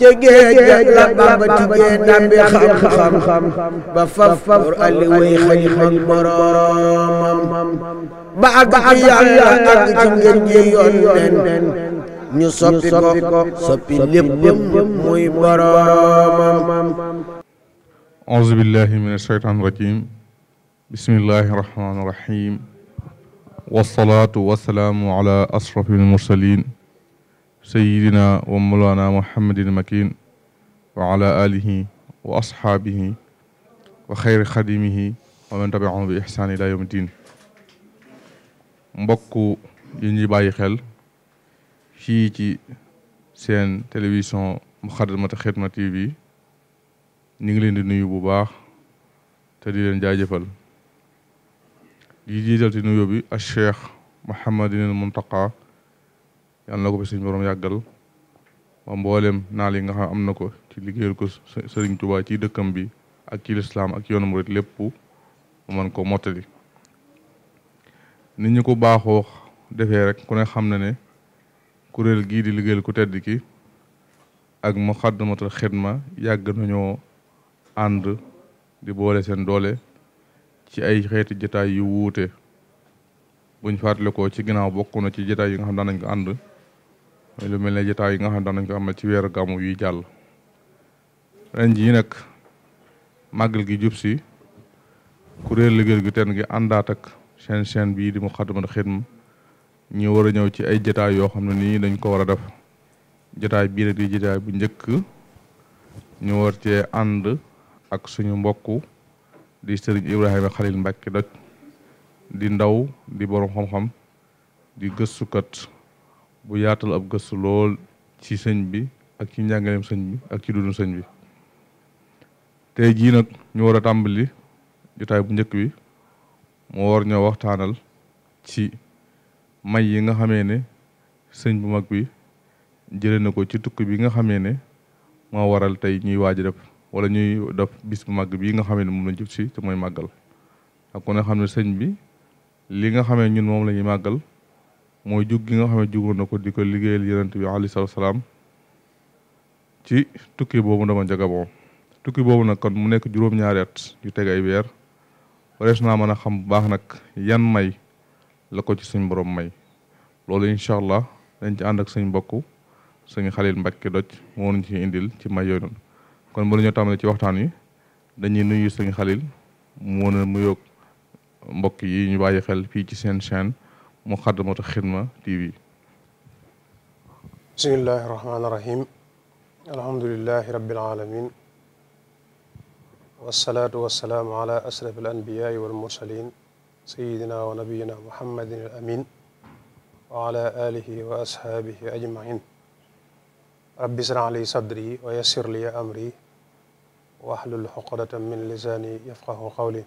ci géej la Bamba tiggee dambi xam-xam ba faf pour ali way xalima boroomam ba ak ci yàlla ak ci ngeen ji yoon nen ñu soppi ko soppi léppam muy boroomam auzu billahi min ashaytaan rajim bismillahi rahmaani rahim wasalaatu wasalaamu ala ashrafil mursalin sayyidina wa mawlaana muhammadin makin wa ala alihi wa ashaabihi wa xayri xadimihi wa man tabiahum bi ihsaan ila yawmi diin mbokk yi ñuy bàyyi xel fii ci seen télévision Moukhaddamatoul Khidma TV ñu ngi leen di nuyu bu baax te di leen jaajëfal di jiital ci nuyoo bi ak Cheikh Mouhamadinil Mountakha yàlla na ko fi suñu borom yàggal ba mboolem naal yi nga xam am na ko ci liggéeyal ko sëriñ Tuubaa ci dëkkam bi ak ci lislaam ak yoonu murit lépp man ko mottali ni ñu ko baaxoo defee rek ku ne xam na ne kuréel gii di liggéeyal ku tedd ki ak Moukhaddamatoul Khidma yàgg nañoo ànd di boole seen doole ci ay xeeti jataay yu wuute buñ ko ci ginnaaw bokk na ci jataay yi nga xam daan nañ ko ànd mooy lu mel ne jotaay yi nga xam ne daan ko amal ci weeru gàmmu yuy jàll ren jii nag màggal gi jub si kuréel liggéey gu ten gi àndaat ak seen seen bii di mu Moukhaddamatoul Khidma ñu war a ñëw ci ay jotaay yoo xam ne nii dañ ko war a def jotaay bii nag di jotaay bu njëkk ñu war cee ànd ak suñu mbokk di sëriñ Ibrahima Khalil Mbacke doj di ndaw di boroom xam-xam di gëstukat bu yaatal ab gëstu lool ci sëñ bi ak ci njàngaleem sëñ bi ak ci dundu sëñ bi tey jii nag ñu war a tàmbali jotaay bu njëkk bi moo war ñoo waxtaanal ci may yi nga xamee ne sëñ bu mag bi jëlee na ko ci tukki bi nga xamee ne moo waral tey ñuy waaj def wala ñuy def bis bu màgg bii nga xamee ne moom la jub si te mooy màggal ak ku xam ne sëñ bi li nga xamee ñun moom lañuy ñuy màggal mooy jug gi nga xam ne jugoon na ko di ko liggéeyal yonent bi alayhi salaam ci tukki boobu dama jagaboo tukki boobu nag kon mu nekk juróom-ñaari yu teg ay weer warees naa mën a xam bu baax nag yan may la ko ci suñ borom may loolu incha allah dañ ci ànd ak suñ mbokk suñu Xalil Mbàkke doj moo ñu ci indil ci may yooyu noonu kon bu la ci waxtaan wi dañuy nuyu suñu Xalil mu woon a mbokk yi ñu bàyyi xel fii ci seen chaîne Moukhaddamatoul Khidma TV bismillahi rahmaani rahim alhamdulilahi rabbil alamin wassalaatu wassalaamu ala ashraf al anbiyaai wal mursalin sayidina wa nabiyina muhammadin al amin wa ala alihi wa ashaabihi ajmain rabbi israh li sadri wa yassir li amri wahlul uqdatan min lisaani yafqahu qawli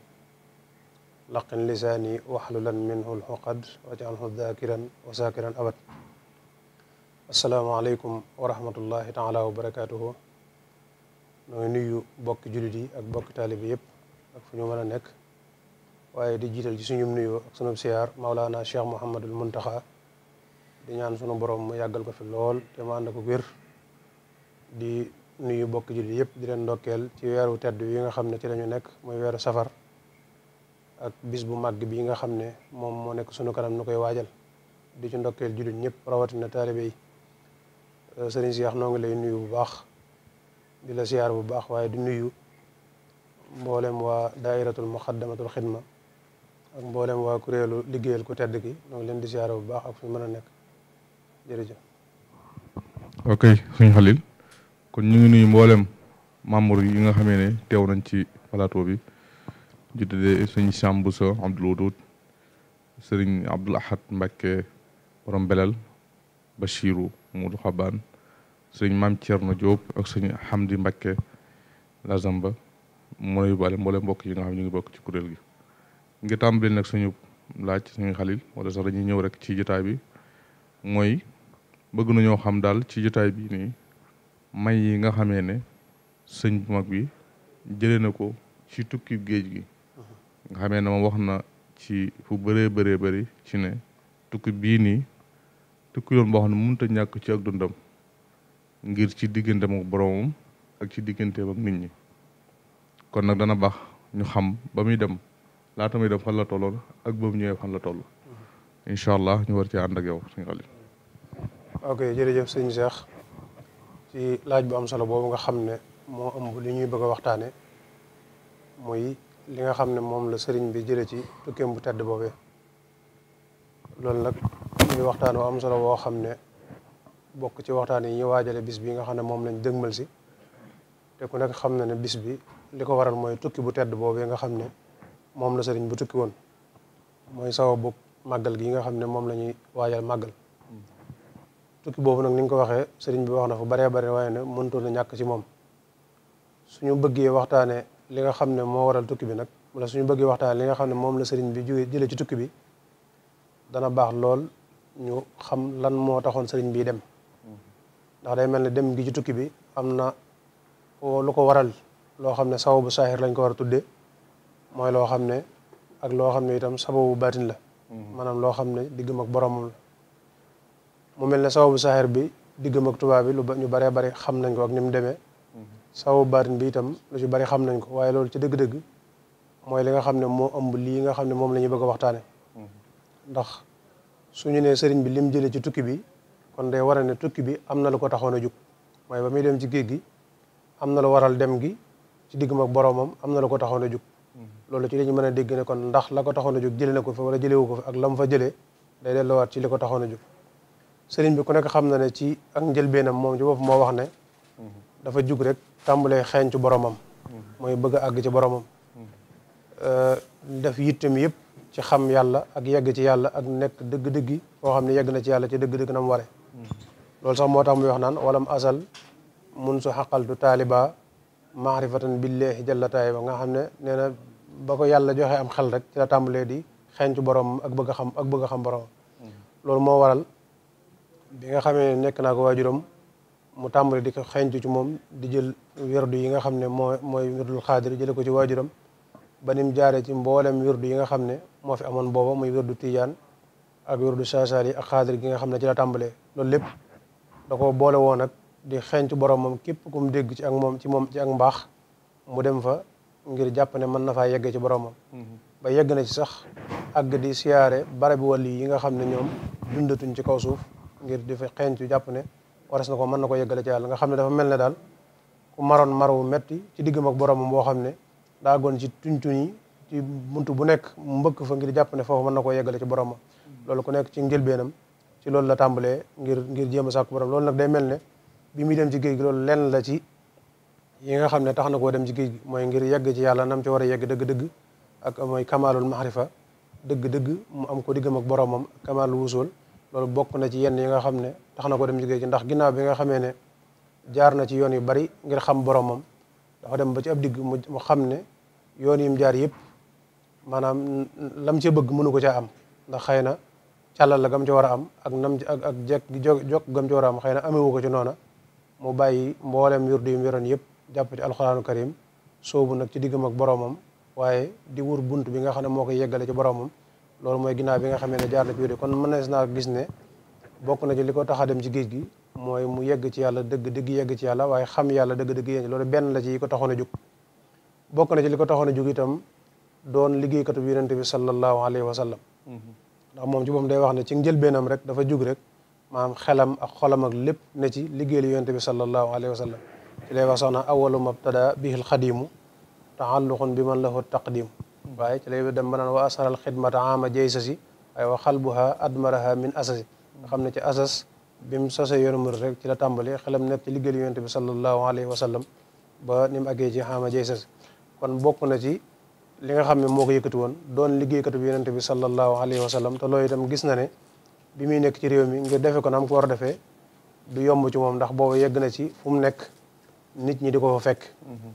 laqin lisaani waxlulan minhu lxuqad wajaalhu daakiran wa saakiran abad asalaamaaleykum wa rahmatullahi taala wa barakaatuhu nooy nuyu bokki jullit yi ak bokki taalib yëpp ak fu ñu mën a nekk waaye di jiital ci suñum nuyoo ak sunub siyaar maolaana cheikh mouhamadul muntaxa di ñaan sunu borom mu yàggal ko fi lool te mu ànd ko wér di nuyu bokki jullit yëpp di leen ndokkeel ci weeru tedd yi nga xam ne ci lañu nekk muy weeru safar ak bis bu màgg bi nga xam ne moom moo nekk sunu kanam nu koy waajal du ci ndokkeel jullit ñëpp rawatina taalibe yi euh, sëriñ Cheikh noo lay nuyu bu baax di la siyaar bu baax waaye du nuyu mboolem waa daayiratul muxaddamatul xidma ak mboolem waa kuréelu liggéeyal ku tedd gi noo leen di siyaar bu baax ak fu mën a nekk jërëjëf. ok suñ xalil kon ñu ngi nuyu mboolem membre yi nga xamee ne teew nañ ci plateau bi. ñu tuddee sëñ Sam Bousso Abdoul Wadoud sëriñ Abdoul Ahad Mbacke borom Belal Bachiru Modou Xabaan sëñ Maam Thierno Diop ak sëñ Hamdi Mbacke Lazamba moo yóbbaale mboolem mbokk yi nga xam ñu ngi bokk ci kuréel gi. nga tàmbali nag suñu laaj suñu xalil wala sax dañuy ñëw rek ci jotaay bi mooy bëgg nañoo xam daal ci jotaay bi nii may yi nga xamee ne sëñ bu mag bi jëlee na ko ci tukki géej gi. nga xamee ne moom wax na ci fu bëree bëree bëri ci ne tukki bii nii tukki yoon boo xam ne mënut ñàkk ci ak dundam ngir ci digganteem ak boromam ak ci digganteem ak nit ñi kon nag dana baax ñu xam ba muy dem laata muy dem fan la tolloon ak ba mu ñëwee fan la toll incha allah ñu war ci ànd ak yow suñu xarit. ok jërëjëf sëñ Cheikh ci laaj bu am solo boobu nga xam ne moo ëmb li ñuy bëgg a waxtaane muy li nga xam ne moom la sëriñ bi jële ci tukkeem bu tedd boobee loolu nag muy waxtaan wu am solo woo xam ne bokk ci waxtaan yi ñu waajale bis bi nga xam ne moom lañ dëgmal si te ku nekk xam na ne bis bi li ko waral mooy tukki bu tedd boobee nga xam ne moom la sëriñ bu tukki woon mooy sawa bu màggal gi nga xam ne moom la ñuy waajal màggal tukki boobu nag ni nga ko waxee sëriñ bi wax na fu baree bare waaye ne mëntoon na ñàkk ci moom suñu bëggee waxtaanee li nga xam ne moo waral tukki bi nag wala suñu bëggee waxtaan li nga xam ne moom la sëriñ bi jóge jëlee ci tukki bi dana baax lool ñu xam lan moo taxoon sëriñ bi dem ndax day mel ne dem gi ci tukki bi am na lu ko waral loo xam ne bu saahir lañ ko war a tudde mooy loo xam ne ak loo xam ne itam sababu baatin la maanaam loo xam ne diggam ak boromam mu mel ne bu saahir bi diggam ak tubaab bi lu ñu baree bari xam nañ ko ak ni mu demee sawu baatin bi itam lu ci bari xam nañ ko waaye loolu ci dëgg-dëgg mooy li nga xam ne moo ëmb lii nga xam ne moom la ñuy bëgg a waxtaane ndax suñu nee sëriñ bi lim jëlee ci tukki bi kon day waral ne tukki bi am na lu ko taxoon a jug mooy ba muy dem ci géej gi am na lu waral dem gi ci diggam ak boroomam am na lu ko taxoon a jug loolu ci lañu mën a dégg ne kon ndax la ko taxoon a jóg jëlee na ko foofu wala jëlewu ko ak la fa jëlee day delloowaat ci li ko taxoon a jóg sëriñ bi ku nekk xam na ne ci ak njëlbeenam moom ci bopp moo wax ne dafa jug rek tàmbalee xeeñ ci boromam mooy bëgg a àgg ci boromam euh, def yittam yëpp ci xam yàlla ak yegg ci yàlla ak nekk dëgg-dëggi koo xam ne yegg na ci yàlla ci dëgg-dëgg na mu ware loolu sax moo tax muy wax naan mu asal mun su xaqaltu taaliba maarifatan billahi jalla taay ba nga xam ne nee na ba ko yàlla joxe am xel rek ci la tàmbalee di xeeñ ci borom ak bëgg xam ak bëgg xam borom mm. loolu moo waral bi nga xamee nekk naa ko waajuram mu tàmbali di ko xeeñtu ci moom di jël wirdu yi nga xam ne moo mooy wirdul xaadir jële ko ci waajuram ba nim jaaree ci mboolem wirdu yi nga xam ne moo fi amoon booba muy wirdu tiijaan ak wirdu saasaar yi ak xaadir gi nga xam ne ci la tàmbalee loolu lépp da ko boole woon ak di xeeñtu boromam képp ku mu dégg ci ak moom ci moom ci ak mbaax mu dem fa ngir jàpp ne mën na faa yegg ci boromam ba yegg na ci sax àgg di siyaare barabi wàlli yi nga xam ne ñoom dundatuñ ci kaw suuf ngir di fa xeeñtu jàpp ne waras na ko mën na ko yeggale ci yàlla nga xam ne dafa mel ne daal ku maroon marawu metti ci diggam ak boromam boo xam ne daa goon ci tuñ-tuñ yi ci buntu bu nekk mbëkk fa ngir jàpp ne foofu mën na ko yeggale ci boromam loolu ku nekk ci njëlbeenam ci loolu la tàmbalee ngir ngir jéem a sàkku loolu nag day mel ne bi muy dem ci gi loolu lenn la ci yi nga xam ne tax na koo dem ci géej gi mooy ngir yegg ci yàlla nam ci war a yegg dëgg-dëgg ak mooy kamaalul maxrifa dëgg-dëgg mu am ko diggam ak boromam kamaalul wusul loolu bokk na ci yenn yi nga xam ne tax na ko dem jógee ci ndax ginaaw bi nga xamee ne jaar na ci yoon yu bari ngir xam boromam dafa dem ba ci ab digg mu xam ne yoon yim jaar yëpp maanaam lam ci bëgg mënu ko caa am ndax xëy na càllal gam ci war a am ak nam ak ak jekk jokk gam ci war a am xëy na amewu ko ci noona mu bàyyi mboolem yor wirdu yim yoroon yëpp jàpp ci alxuraanu karim soobu nag ci diggam ak boromam waaye di wur bunt bi nga xam ne moo koy yeggale ci boromam loolu mooy ginnaaw bi nga xamee ne jaar na ci wirdu kon mën na naa gis ne bokk na ci li ko tax a dem ci géej gi mooy mu yegg ci yàlla dëgg dëgg yegg ci yàlla waaye xam yàlla dëgg dëgg yegg loolu benn la ci yi ko taxoon a jóg bokk ci li ko taxoon a jóg itam doon liggéeykatu bi yonente bi sallallahu alayhi wa sallam ndax moom ci boppam day wax ne ci njëlbeenam rek dafa jug rek maanaam xelam ak xolam ak lépp ne ci liggéeyal yonente bi sallallahu alayhi wa sallam ci lay wax sax na awalu mabtada bihil xadimu taalluqun bi man lahu taqdim waaye ci lay dem ba naan wa asaral xidmata ama jaysa si waaye wa xalbuha admaraha min asasi nga xam ne ci asas bi mu sosee yoonu murid rek ci la tàmbali xelam nekk ci liggéeyu yonent bi sallallahu alayhi wa sallam ba ni mu àggee ci xaama jay kon bokk na ci li nga xam ne moo ko yëkkati woon doon liggéeykatu bi yonent bi sallallahu alayhi wa sallam te loolu tam gis na ne bi muy nekk ci réew mi ngir defe ko na am ko war a yomb ci moom ndax boobu yegg na ci fu mu nekk nit ñi di ko fekk mm-hmm.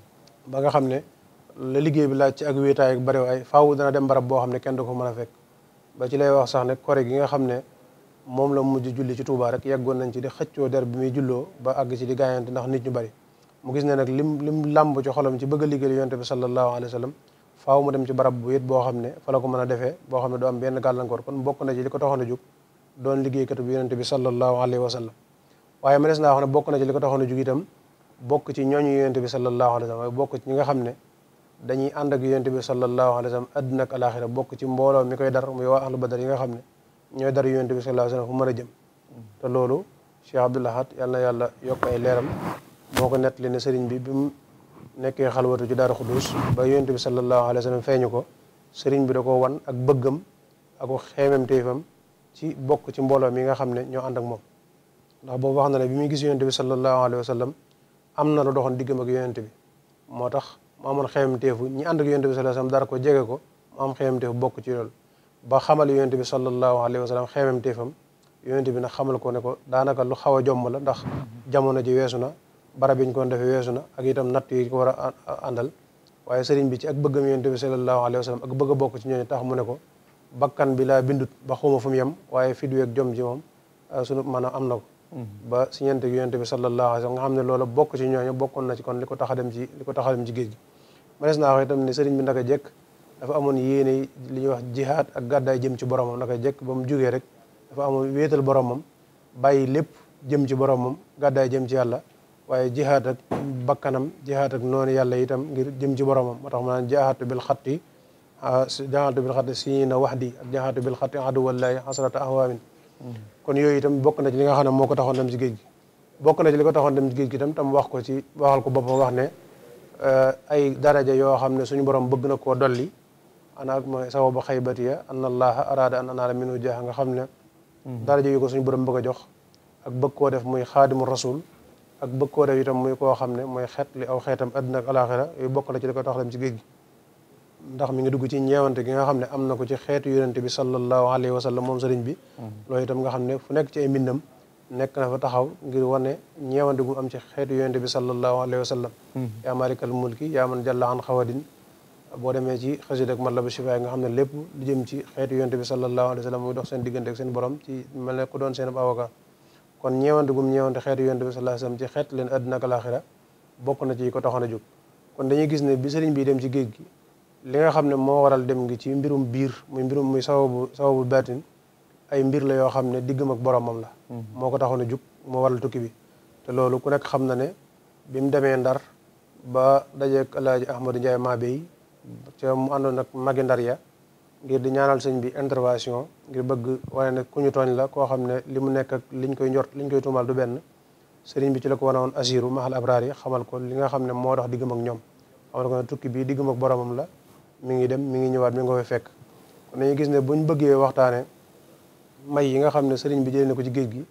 ba nga xam ne la liggéey bi laaj ci ak wéetaay ak bariwaay faawu dana dem barab boo xam ne kenn du ko mën a fekk ba ci lay wax sax ne kore gi nga xam ne moom la mujj julli ci Touba rek yeggoon nañ ci di xëccoo der bi muy julloo ba àgg ci di gaayante ndax nit ñu bari mu gis ne nag lim lim làmb ci xolam ci bëgg a liggéeyal yonte bi sallallahu alayhi wa sallam faaw mu dem ci xam ne fa la ko mën a defee boo xam ne du am benn gàllankoor kon bokk na ci a jóg bi yonente bi sallallahu alayhi wa sallam waaye mënees naa wax bokk a jóg itam bokk ci ñooñu yonente bi sallallahu alayhi wa sallam bokk ci nga xam ne dañuy ànd ak yonente bi sallallahu alayhi wa sallam àddina ak alaxira bokk ci mbooloo mi koy dar muy waa ahlu badar yi nga xam ne ñooy dara yonent bi sallallahu alayhi wa sallam fu mën a jëm te loolu Cheikh Abdoul Ahad yal na yàlla yokk ay leeram moo ko nettali ne sëriñ bi bi mu nekkee xalwatu ci Daaru Xuduus ba yonent bi sallallahu alayhi wa sallam feeñu ko sëriñ bi da ko wan ak bëggam ak xeemem téefam ci bokk ci mbooloo mi nga xam ne ñoo ànd ak moom ndax boobu wax na ne bi muy gis yonent bi sallallahu alayhi wa am na lu doxoon diggam ak yooyante bi moo tax mu amoon xeemem téefu ñi ànd ak yonent bi sallallahu alayhi wa sallam dara ko jege ko mu am xeemem téefu bokk ci loolu ba xamal yonent bi sallallahu alayhi wa sallam xeemem téefam yonent bi nag xamal ko ne ko daanaka lu xaw a jomm la ndax jamono ji weesu na barab yi ñu ko defee weesu na ak itam natt war a àndal waaye sëriñ bi ci ak bëggam yonent bi sallallahu alayhi wa sallam ak bokk ci ñooñu tax mu ne ko bakkan bi laa bindut ba xuma fu mu yem waaye fit weeg jom ji moom ah, sunu maanaam am na ko mm-hmm. ba si ñente gi yonent bi sallallahu alayhi wa nga xam ne loola bokk ci ñooñu bokkoon na ci kon li ko tax a dem ci li ko tax a dem ci géej gi manees naa wax ne sëriñ bi naka jekk dafa amoon yéene li ñuy wax jihaad ak gàddaay jëm ci boromam naka jekk ba mu jugee rek dafa amoon wéetal boromam bàyyi lépp jëm ci boromam gàddaay jëm ci yàlla waaye jihaad ak bakkanam jihaad ak noonu yàlla itam ngir jëm ci boromam moo tax mu naan jahaatu bil xatti jahaatu bil xatti si na wax di ak jahaatu bil xatti adu wallahi hasrata ahwaamin kon yooyu itam bokk na ci li nga xam ne moo ko taxoon dem ci géej gi bokk na ci li ko taxoon dem ci géej gi itam tam wax ko ci waxal ko boppam wax ne ay daraja yoo xam ne suñu borom bëgg na koo dolli ana ak mooy sababu xaybatiya anna allaha araada an anaala minu jaaha nga xam ne daraja yu ko suñu borom bëgg a jox ak bëgg koo def muy xaadimu rasul ak bëgg koo def itam muy koo xam ne mooy xeet li aw xeetam àddina ak alaxira yooyu bokk la ci li ko tax dem ci géej gi ndax mi ngi dugg ci ñeewante gi nga xam ne am na ko ci xeetu yonente bi sallallahu alayhi wa sallam moom sëriñ bi mm-hmm. loolu itam nga xam ne fu nekk ci ay nekk na fa taxaw ngir wane ñeewante gu am ci xeetu yonente bi sallallahu alayhi wa sallam mm-hmm. yaa malikal mulki yaa man jalla an xawadin boo demee ci xasida ak Matlabu Chifa nga xam ne lépp lu jëm ci xeetu yonte bi sallallahu alayhi wa sallam muy dox seen diggante ak seen borom ci mel ne ku doon seen avocat kon ñeewante gum ñeewante xeetu yonte bi sallallahu alayhi wa sallam ci xeet leen àddina ak alaaxira bokk na ci ko taxoon a jóg kon dañuy gis ne bi sëriñ dem ci géej gi li nga xam ne moo waral dem ngi ci mbirum biir muy mbirum muy sababu sababu baatin ay mbir la yoo xam ne diggam ak boromam la mm-hmm. moo ko taxoon a jóg moo waral tukki bi te loolu ku nekk xam na ne bi mu demee ndar ba dajeek alaaji Ahmadou Ndiaye Mabey ca mu àndoon nag magi ya ngir di ñaanal sëñ bi intervention ngir bëgg wane ne ku ñu tooñ la koo xam ne li mu nekk ak liñ koy njort liñ koy tuumal du benn sëriñ bi ci la ko wane woon asiru mahal abraar yi xamal ko li nga xam ne moo dox diggam ak ñoom xamal ko ne tukki bii diggam ak boromam la mi ngi dem mi ngi ñëwaat mi ngi ko fekk kon dañuy gis ne buñ bëggee waxtaane may yi nga xam ne sëriñ bi jëlee ne ko ci géej gi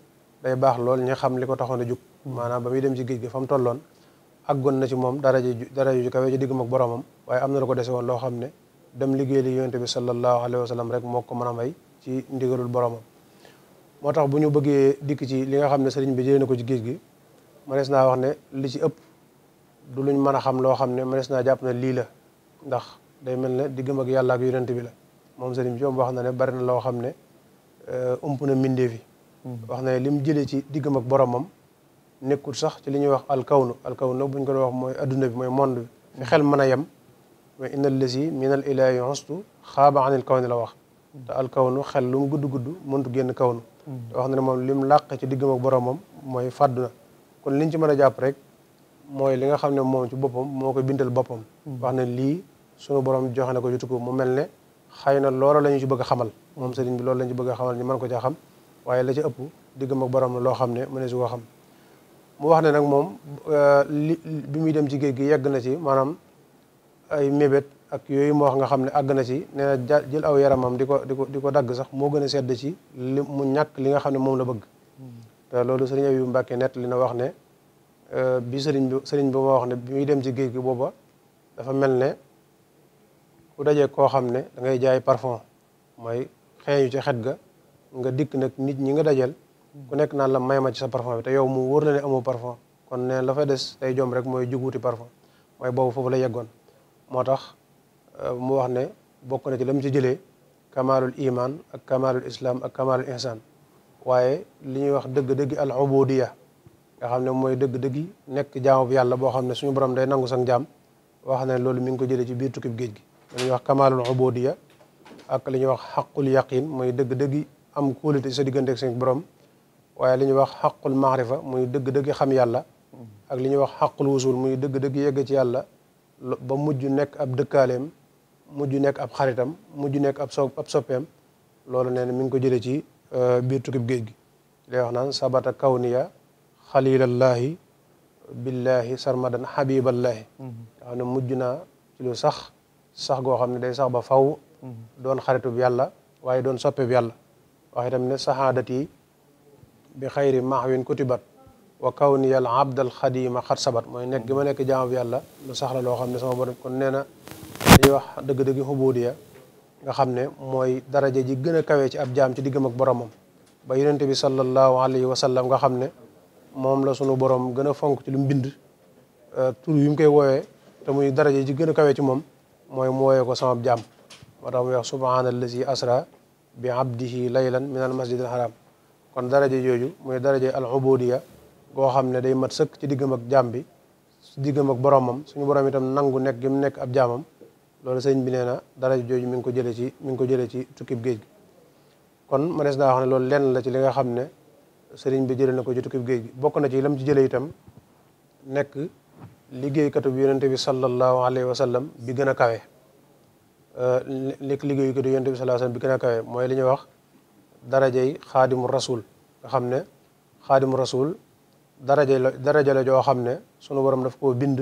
day baax lool ñu xam li ko taxoon a jug maanaam ba muy ci géej gi fa mu tolloon ak àggoon na ci moom daraja ju daraja ju kawe ju digg mag boromam waaye am na lu ko dese woon loo xam ne dem liggéey li yonente bi sallallahu alayhi wa sallam rek moo ko mën a may ci ndigalul boromam moo tax bu ñu bëggee dikk ci li nga xam ne sëriñ bi jëlee na ko ci géej gi mënees naa wax ne li ci ëpp du luñ mën a xam loo xam ne mënees naa jàpp ne lii la ndax day mel ne diggam ak yàlla ak yonente bi la moom sëriñ bi moom wax na ne bari na loo xam ne euh, ump na mbindee fi mm-hmm. wax na ne lim jëlee ci diggam ak boromam nekkul sax ci li ñuy wax alkawnu alkawnu bu ñu ko wax mooy adduna bi mooy monde bi xel mën a yem mooy inna lesi minal ilahi hustu xaaba anil kawni la wax te alkawnu lu mu gudd gudd mëntu génn kawnu wax na ne moom lim làq ci diggam ak boromam mooy fàdduna kon liñ ci mën a jàpp rek mooy li nga xam ne moom ci boppam moo ko bindal boppam wax ne lii sunu borom joxe na ko ci tukku mu mel ne xëy na loolu la ñu ci bëgg xamal moom sëriñ bi loolu la ñu ci bëgg a xamal ñu mën ko ca xam waaye la ci ëpp diggam ak borom loo xam ne mënees su ko xam mu wax ne nag moom euh, li bi muy dem ci géej gi yegg na ci maanaam ay mébét ak yooyu mu wax nga xam ne àgg na ci nee na jël aw yaramam di ko di ko di ko dagg sax moo gën a sedd ci li mu ñàkk li nga xam ne moom la bëgg te loolu sëriñ Abibu Mbàkke nett li na wax ne euh, bi sëriñ bi sëriñ bi ma wax ne bi muy dem ci géej gi booba dafa mel ne ku dajee koo xam ne da ngay jaay parfum mooy xeeñu ci xet ga nga dikk nag nit ñi nga dajal ku nekk naan la may ma ci sa parfum bi te yow mu wóor la ne amoo parfum kon ne la fay des tey jom rek mooy juguti parfum mooy boobu foofu la yeggoon moo tax euh, mu wax ne bokk na ci la mu ci jëlee kamalul iman ak kamalul islam ak kamalul ihsan waaye li ñuy wax dëgg-dëggi al ubudiya nga xam ne mooy dëgg-dëggi nekk jaamu yàlla boo xam ne suñu borom day nangu sang jaam wax ne loolu mi ngi ko jëlee ci biir tukkib géej gi li ñuy wax kamalul ubudiya ak li ñuy wax xaqul yaqin mooy dëgg-dëggi am kóolite sa digganteeg seen borom waaye li ñuy wax xaqul maarifa muy dëgg-dëgg xam yàlla ak li ñuy wax xaqul wusul muy dëgg-dëgg yegg ci yàlla ba mujj nekk ab dëkkaaleem mujj nekk ab xaritam mujj nekk ab so ab soppeem loolu nee na mi ngi ko jëlee ci euh, biir tukkib géej gi lay wax naan sabata kawniya xalilallaahi billaahi sarmadan xabiballaahi nga xam ne mujj naa ci lu sax sax goo xam ne day sax ba faw mm-hmm. doon xaritub yàlla waaye doon soppeeb yàlla wax itam ne saxaadat bi xayri mahwin kutibat wa kawni yal abdal xadima xat sabat mooy nekk gi ma nekk jaamab yàlla lu saxla loo xam ne sama borom kon nee na dañuy wax dëgg-dëgg xubudiya nga xam ne mooy daraja ji gën a kawe ci ab jaam ci diggam ak boromam ba yonent bi sallallahu alayhi wa sallam nga xam ne moom la sunu borom gën a fonk ci lu mu bind euh, tur yi mu koy woowee te muy daraja ji gën a kawe ci moom mooy mu ko sama jaam moo tax mu wax subhaana allazi asra bi abdihi laylan min al masjid al kon daraja jooju mooy daraja al ubudiya goo xam ne day mat sëkk ci diggam ak jaam bi ci diggam ak boromam suñu borom itam nangu nekk gi mu nekk ab jaamam loolu sëñ bi nee na daraja jooju mi ngi ko jëlee ci mi ngi ko jëlee ci tukkib géej gi kon mënees naa wax ne loolu lenn la ci li nga xam ne sëriñ bi jëlee na ko ci tukkib géej gi bokk na ci lam ci jëlee itam nekk liggéeykatu bi yonente bi sallallahu alayhi wa sallam bi gën a kawe nekk euh, liggéeykatu yonente bi sallallahu mooy li ñuy wax darajey xaadimu rasul nga xam ne xaadimu rasul daraja la daraja joo xam ne sunu borom daf koo bind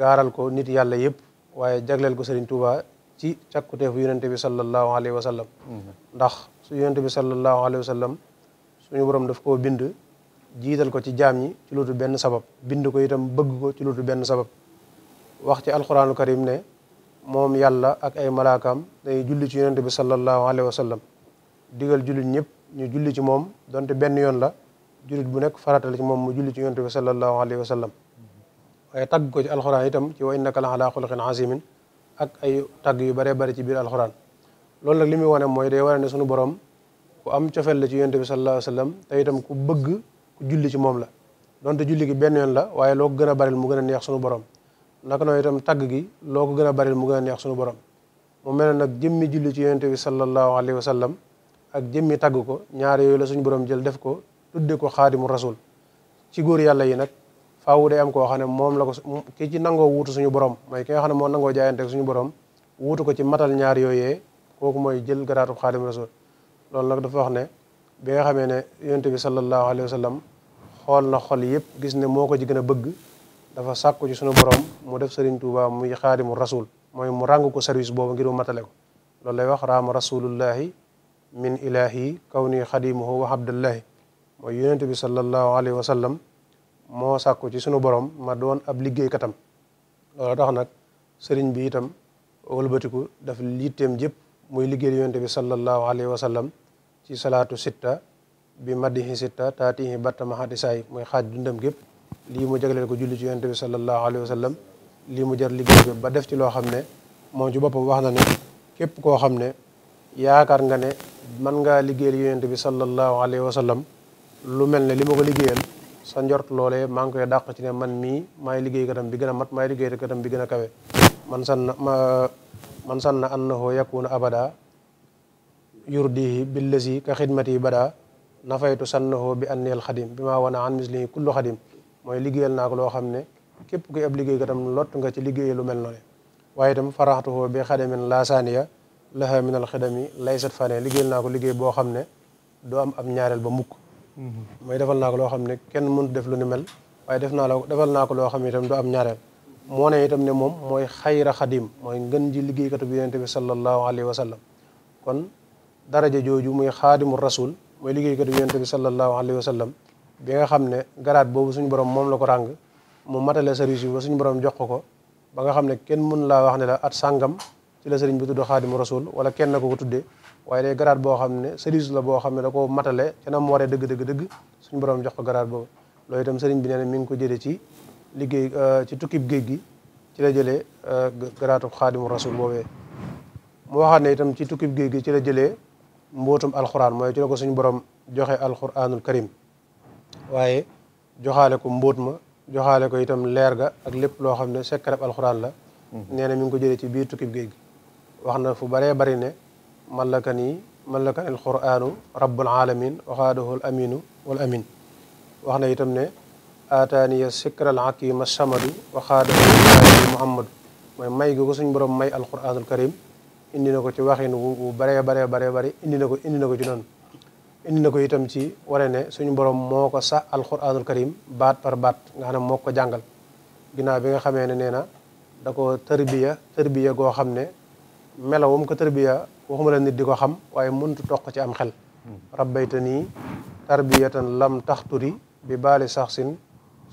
gaaral ko nit yàlla yëpp waaye jagleel ko Serigne tuuba ci càkkuteefu yonente bi sallallahu alayhi wa sallam mm-hmm. ndax su yonente bi sallallahu alayhi wa sallam suñu borom daf koo bind jiital ko ci jaam ñi ci luutu benn sabab bind ko itam bëgg ko ci luutu benn sabab wax ci alquraanul karim ne moom yàlla ak ay malaakaam day julli ci yonente bi sallallahu alayhi wa sallam digal jullit ñëpp ñu julli ci moom donte benn yoon la jullit bu nekk faratal ci moom mu julli ci yonent bi sallallahu alayhi wa sallam waaye tàgg ko ci alxuraan itam ci wa innaka la ala xuluqin azimin ak ay tàgg yu baree bari ci biir loolu nag li muy wane mooy day wane ne sunu borom ku am cofeel la ci yonent bi sallallahu alayhi wa sallam te itam ku bëgg ku julli ci moom la donte julli gi benn yoon la waaye loo ko gën a baril mu gën a neex sunu borom naka noonu itam tàgg gi loo ko gën a baril mu gën a neex sunu borom mu mel ne nag jëmmi julli ci yonent bi sallallahu alayhi wa sallam ak jëmmi tagg ko ñaar yooyu la suñu boroom jël def ko tudde ko xaadimu rasul ci góor yàlla yi nag faawu day am koo xam ne moom la ko ki ci nangoo wuutu suñu borom mooy ki nga xam ne moo nangoo jaayante suñu borom wuutu ko ci matal ñaar yooyee kooku mooy jël garaatu xaadim rasul loolu nag dafa wax ne bi nga xamee ne yonent bi sallallahu alayhi wa sallam xool na xol yëpp gis ne moo ko ci gën a bëgg dafa sàkku ci suñu borom mu def Serigne Touba muy xaadimu rasul mooy mu ràng ko service boobu ngir mu matale ko loolu lay wax raama rasulullahi min ilaahi kawni xadimuhu wa abdullahi mooy yonente bi sallallahu alayhi wa sallam moo sàkku ci sunu borom ma doon ab liggéeykatam loolu tax nag sëriñ bi itam wëlbatiku daf yitteem jëpp muy liggéeyal yonente bi sallallahu alayhi wa sallam ci salaatu sitta bi madihi sitta taatihi batta mahadisaay muy xaaj dundam gépp lii mu jagleel ko julli ci yonente bi sallallahu alayhi wa sallam lii mu jar liggéey ba def ci loo xam ne moom ci boppam wax na ne képp koo xam ne yaakaar nga ne man ngaa liggéeyal yonent bi sallallahu alayhi wa sallam lu mel ne li ma ko liggéeyal sa njort loolee maa ngi koy dàq ci ne man mii maay liggéeykatam bi gën a mat maay liggéeykatam bi gën a kawe man sanna ma man sanna annahu yakuna abada yurdihi ka xidmati bada nafaytu sannahu bi anneel xadim bi maa wana an mislihi kullu xadim mooy liggéeyal naa ko loo xam ne képp kuy ab liggéeykatam lott nga ci liggéey lu mel noonu waaye itam faraxtuhu bi xadamin laasaaniya laha min alxidami laysat fane liggéeyal naa ko liggéey boo xam ne doo am ab ñaareel ba mukk mooy defal naa ko loo xam ne kenn mënut def lu ni mel waaye def naa la defal naa ko loo xam ne itam am ñaareel moo ne itam ne moom mooy xayra xadim mooy ngën ji liggéeykatu bi yonente bi sallallahu alayhi wa sallam kon daraja jooju muy xaadimu rasul mooy liggéeykatu bi yonente bi sallallahu alayhi wa sallam bi nga xam ne garaat boobu suñ borom moom la ko ràng mu matale service bi ba suñ borom jox ko ko ba nga xam ne kenn mën laa wax ne la at sàngam ci la sëriñ bi tudd xaadimu rasul wala kenn ko ko tuddee waaye day garaat boo xam ne service la boo xam ne da ko matale ca na mu waree dëgg dëgg dëgg suñ borom jox ko garaat boobu loolu itam sëriñ bi nee na mi ko jëlee ci liggéey euh, ci tukkib géej gi ci la jëlee euh, garaatu xaadimu rasul boobee mu waxaat ne itam ci tukkib géej gi ci la jëlee mbootum alxuraan mooy ci ko suñu borom joxe alxuraanul karim waaye joxaale ko mbóot ma joxaale ko itam leer ga ak lépp loo xam ne sekkarab alxuraan la mm-hmm. nee na mi ngi ko jëlee ci biir tukkib géej gi wax na fu baree bari ne mallaka nii mallakani alquranu rabbul alamin waxaadahu al aminu wal amin wax na itam ne aataaniya sikra al hakima samadu waxaadahu muhammadu may gi ko suñ borom may alquranul karim indi na ko ci waxin wu baree baree baree bari indi na ko indi na ko ci noonu indi na ko itam ci wane ne suñu borom moo ko sa alquranul karim baat par baat nga xam ne moo ko jàngal ginnaaw bi nga xamee ne nee na da ko tërbiya goo xam ne melawam ko tarbiya waxuma la nit di ko xam waaye mëntu toq ci am xel rabbaytanii tarbiyatan lam taxturi bi baali saxsin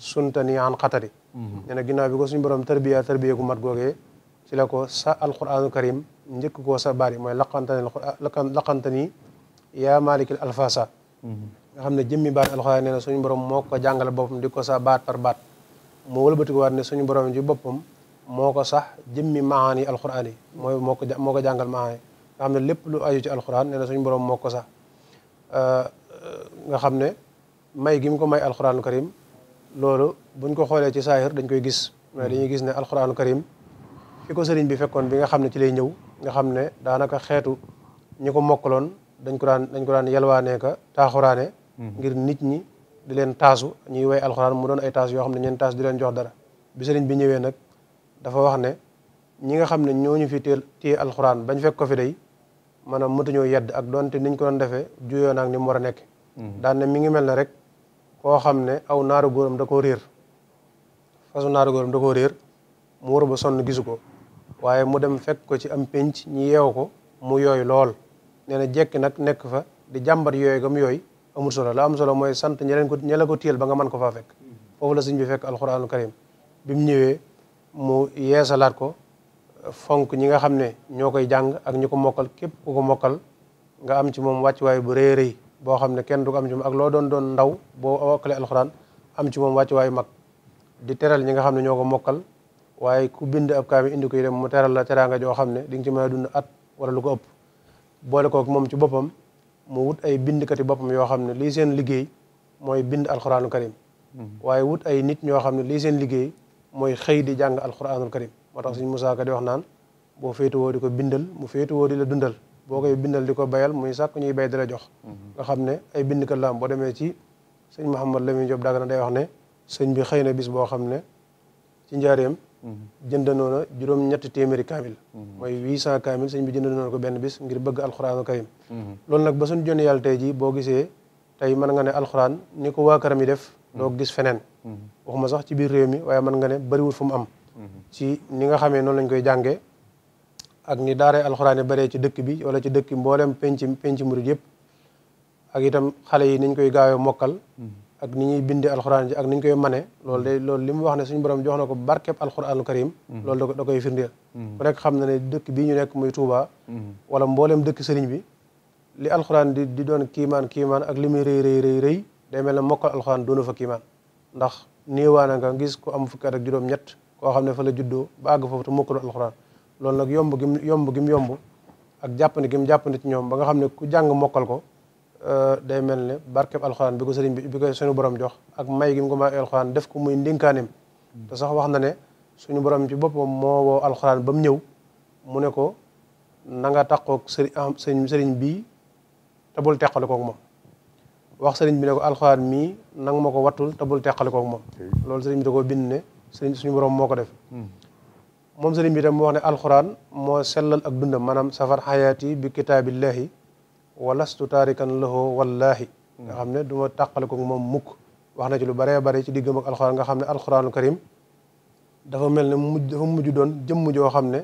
suntani an xatari mhm. nee na ginnaaw bi ko suñu borom tarbiya tarbiya gu mat googee ci la ko sa alquranu karim njëkk koo sa baari mooy laqantani laqantani yaa malikil alfasa mhm. nga xam ne jëmmi baat alxuraan nee na suñu borom moo ko jàngale boppam di ko sa baat par baat moo wëlbati ko waat ne suñu borom ji boppam moo ko sax jëmmi maani alquran yi mooy moo ko moo ko jàngal maani nga xam ne lépp lu aju ci alquran nee na suñu borom moo ko sax euh, nga xam ne may gi mu ko may alquranul karim loolu buñ ko xoolee ci saahir dañ koy gis mais dañuy gis ne alquranul karim fi ko sëriñ bi fekkoon bi nga xam ne ci lay ñëw nga xam ne daanaka xeetu ñi ko mokkaloon dañ ko daan dañ ko daan yalwaanee ka taaxuraane hmm. ngir nit ñi di leen taasu ñuy way alxuraan mu doon ay taas yoo xam ne ñeen taas di leen jox dara bi sëriñ bi ñëwee nag dafa wax ne ñi nga xam ne ñu fi téye téye alxuraan bañ fekk ko fi day maanaam mëtuñoo yedd ak donte niñ ko doon defee juyoo naag ni mu war a nekk. Mhm. daan ne mi ngi mel ne rek koo xam ne aw naaru góoram da koo réer façon naaru góoram da koo réer mu war ba sonn gisu ko waaye mu dem fekk ko ci am pénc ñi yeew ko mu yooyu lool nee na jekki nag nekk fa di jàmbat yooyu mu yooyu amul solo la am solo mooy sant ña leen ko ña ko téyel ba nga mën ko faa fekk mhm. foofu la sëñ bi fekk alxuraanul karim bi mu ñëwee. mu yeesalaat ko fonk ñi nga xam ne ñoo koy jàng ak ñi ko mokkal képp ku ko mokkal nga am ci moom wàccuwaay bu rëy rëy boo xam ne kenn du ko am ci moom ak loo doon doon ndaw boo mokkale alxuraan am ci moom wàccuwaay mag di teral ñi nga xam ne ñoo ko mokkal waaye ku bind ab kaami indi koy yi mu teral la teraanga joo xam ne di nga ci mën a dund at wala lu ko ëpp boole kook moom ci boppam mu wut ay bindkati boppam yoo xam ne lii seen liggéey mooy bind alxuraanu karim mm-hmm. waaye wut ay nit ñoo xam ne lii seen liggéey mooy xëy di jàng alquranul karim moo tax suñu musaaka di wax naan boo féetuwoo di ko bindal mu féetuwoo di la dundal boo koy bindal di ko bayal muy sàkk ñuy bay di la jox nga xam ne ay bindkat la am boo demee ci sëñ Mouhamed Lamine Diop Dagana day wax ne sëñ bi xëy na bis boo xam ne ci njaareem jëndandoo na juróom ñetti téeméeri kaamil mooy huit cent kaamil sëñ bi jëndandoo na ko benn bis ngir bëgg alquranul karim loolu nag ba suñ jonni yàlla tey ji boo gisee tey mën nga ne alquran ni ko waa karam yi def doo gis feneen waxuma sax ci biir réew mi waaye man nga ne bëriwul fu am ci ni nga xamee noonu lañ koy jàngee ak ni daaree alxuraan bëree ci dëkk bi wala ci dëkk mboolem penc penc murid yëpp ak itam xale yi niñ koy gaawee mokkal ak ni ñuy bindee alxuraan ji ak ni ñu koy mane loolu day loolu mu wax ne suñu borom jox na ko barkeb alxuraanul karim loolu da koy firndeel ku xam na ne dëkk bii ñu nekk muy Touba wala mboolem dëkk sëriñ bi li alxuraan di di doon kiimaan kiimaan ak li muy rëy rëy rëy rëy day mel ne mokkal alxuraan doonu fa kiimaan ndax niiwaana nga gis ko am fukki at ak juróom ñett koo xam ne fa la juddoo ba àgg foofu te mokkalu alxuraan loolu nag yomb gim yomb gim yomb ak jàppandi gim jàppandi ci ñoom ba nga xam ne ku jàng mokkal ko euh, day mel ne barkeb alxuraan bi ko sëriñ bi bi ko suñu borom jox ak may gi mu ko may alxuraan def ko muy ndénkaaneem te sax wax na ne suñu borom ci boppam moo woo alxuraan ba mu ñëw mu ne ko na nga taqoog sëriñ sëriñ bii te bul teqale kook moom wax sëriñ bi ne ko alxuraan mii nang ma ko wattul tabul bul teqali moom loolu sëriñ bi da koo bind ne sëriñ suñu borom moo ko def hmm. moom bi tam mu wax ne alxuraan moo sellal ak dundam maanaam safar xayaati bi kitaabillahi walastu taarikan lahu wallahi hmm. nga xam ne du ma tàqale ko moom mukk wax na ci lu baree bare ci diggam ak alxuraan nga xam ne alxuraanu karim dafa mel ne mujj dafa mujj doon jëm jëmm joo xam ne